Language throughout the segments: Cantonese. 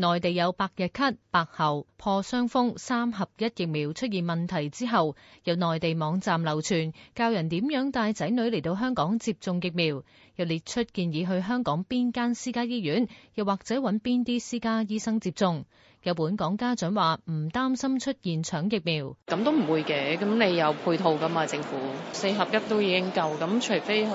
內地有百日咳、白喉、破傷風三合一疫苗出現問題之後，有內地網站流傳教人點樣帶仔女嚟到香港接種疫苗，又列出建議去香港邊間私家醫院，又或者揾邊啲私家醫生接種。有本港家長話唔擔心出現搶疫苗，咁都唔會嘅，咁你有配套㗎嘛？政府四合一都已經夠，咁除非去。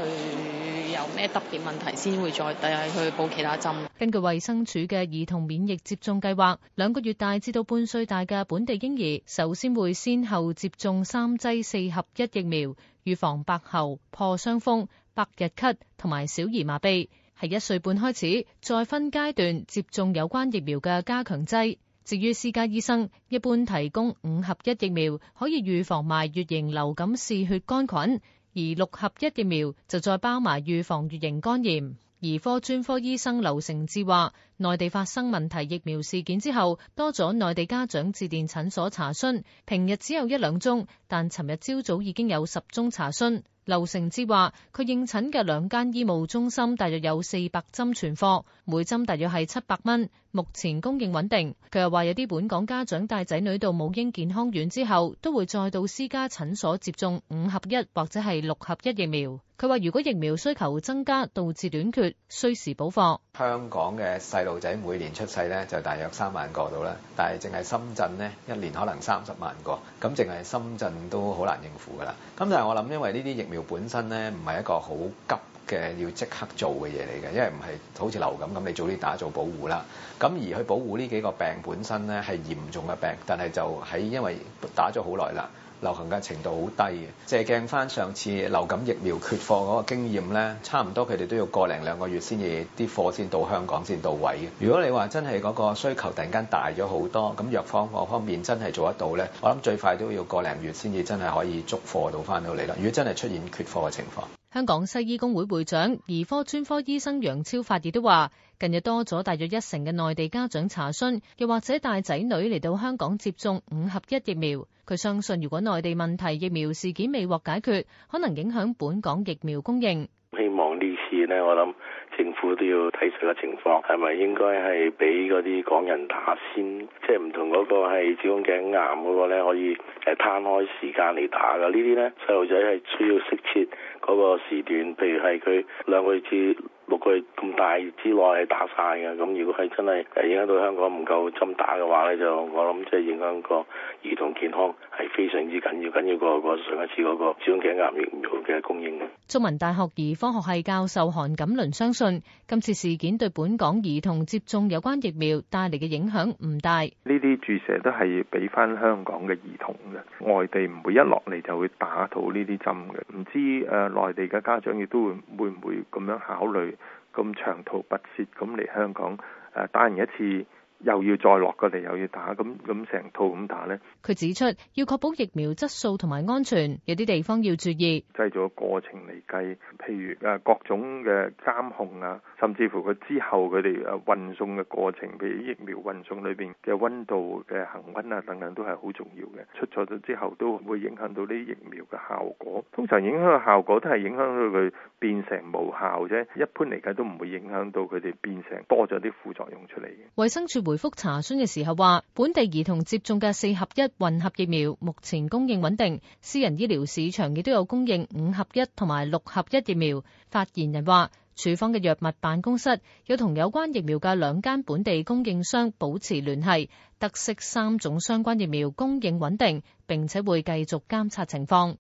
有咩特別問題先會再帶去補其他針。根據衛生署嘅兒童免疫接種計劃，兩個月大至到半歲大嘅本地嬰兒，首先會先後接種三劑四合一疫苗，預防白喉、破傷風、百日咳同埋小兒麻痹。係一歲半開始，再分階段接種有關疫苗嘅加強劑。至於私家醫生，一般提供五合一疫苗，可以預防埋乙型流感嗜血桿菌。而六合一疫苗就再包埋預防乙型肝炎。兒科專科醫生劉成志話，內地發生問題疫苗事件之後，多咗內地家長致電診所查詢，平日只有一兩宗，但尋日朝早已經有十宗查詢。劉成志話，佢應診嘅兩間醫務中心大約有四百針存貨，每針大約係七百蚊。目前供應穩定，佢又話有啲本港家長帶仔女到母嬰健康院之後，都會再到私家診所接種五合一或者係六合一疫苗。佢話如果疫苗需求增加導致短缺，需時補貨。香港嘅細路仔每年出世咧就大約三萬個度啦，但係淨係深圳呢，一年可能三十萬個，咁淨係深圳都好難應付噶啦。咁但係我諗，因為呢啲疫苗本身咧唔係一個好急嘅要即刻做嘅嘢嚟嘅，因為唔係好似流感咁，你早啲打造保護啦。咁而去保護呢幾個病本身咧係嚴重嘅病，但係就喺因為打咗好耐啦，流行嘅程度好低嘅。借鏡翻上，上次流感疫苗缺貨嗰個經驗咧，差唔多佢哋都要個零兩個月先至啲貨先到香港先到位嘅。如果你話真係嗰個需求突然間大咗好多，咁藥方個方面真係做得到咧，我諗最快都要個零月先至真係可以捉貨到翻到嚟啦。如果真係出現缺貨嘅情況。香港西醫工會會長兒科專科醫生楊超發亦都話，近日多咗大約一成嘅內地家長查詢，又或者帶仔女嚟到香港接種五合一疫苗。佢相信，如果內地問題疫苗事件未獲解決，可能影響本港疫苗供應。希望呢次呢，我諗。政府都要睇實個情況，係咪應該係俾嗰啲港人打先？即係唔同嗰個係子宮頸癌嗰個咧，可以誒攤開時間嚟打㗎。呢啲呢，細路仔係需要適切嗰個時段，譬如係佢兩個月至個佢咁大之內係打晒嘅，咁如果係真係影響到香港唔夠針打嘅話咧，就我諗即係影響個兒童健康係非常之緊要，緊要過個上一次嗰個子宮頸癌疫苗嘅供應。中文大學兒科學系教授韓錦倫相信，今次事件對本港兒童接種有關疫苗帶嚟嘅影響唔大。呢啲注射都係俾翻香港嘅兒童嘅，外地唔會一落嚟就會打到呢啲針嘅。唔知誒內地嘅家長亦都會會唔會咁樣考慮？咁長途跋涉咁嚟香港，誒、啊，打完一次。又要再落個嚟，又要打咁咁成套咁打呢。佢指出，要確保疫苗質素同埋安全，有啲地方要注意。製造過程嚟計，譬如誒各種嘅監控啊，甚至乎佢之後佢哋誒運送嘅過程，譬如疫苗運送裏邊嘅溫度嘅恆溫啊等等，都係好重要嘅。出錯咗之後，都會影響到啲疫苗嘅效果。通常影響嘅效果都係影響到佢變成無效啫。一般嚟計都唔會影響到佢哋變成多咗啲副作用出嚟嘅。衞生署會回覆查詢嘅時候話，本地兒童接種嘅四合一混合疫苗目前供應穩定，私人醫療市場亦都有供應五合一同埋六合一疫苗。發言人話，處方嘅藥物辦公室有同有關疫苗嘅兩間本地供應商保持聯繫，特色三種相關疫苗供應穩定，並且會繼續監察情況。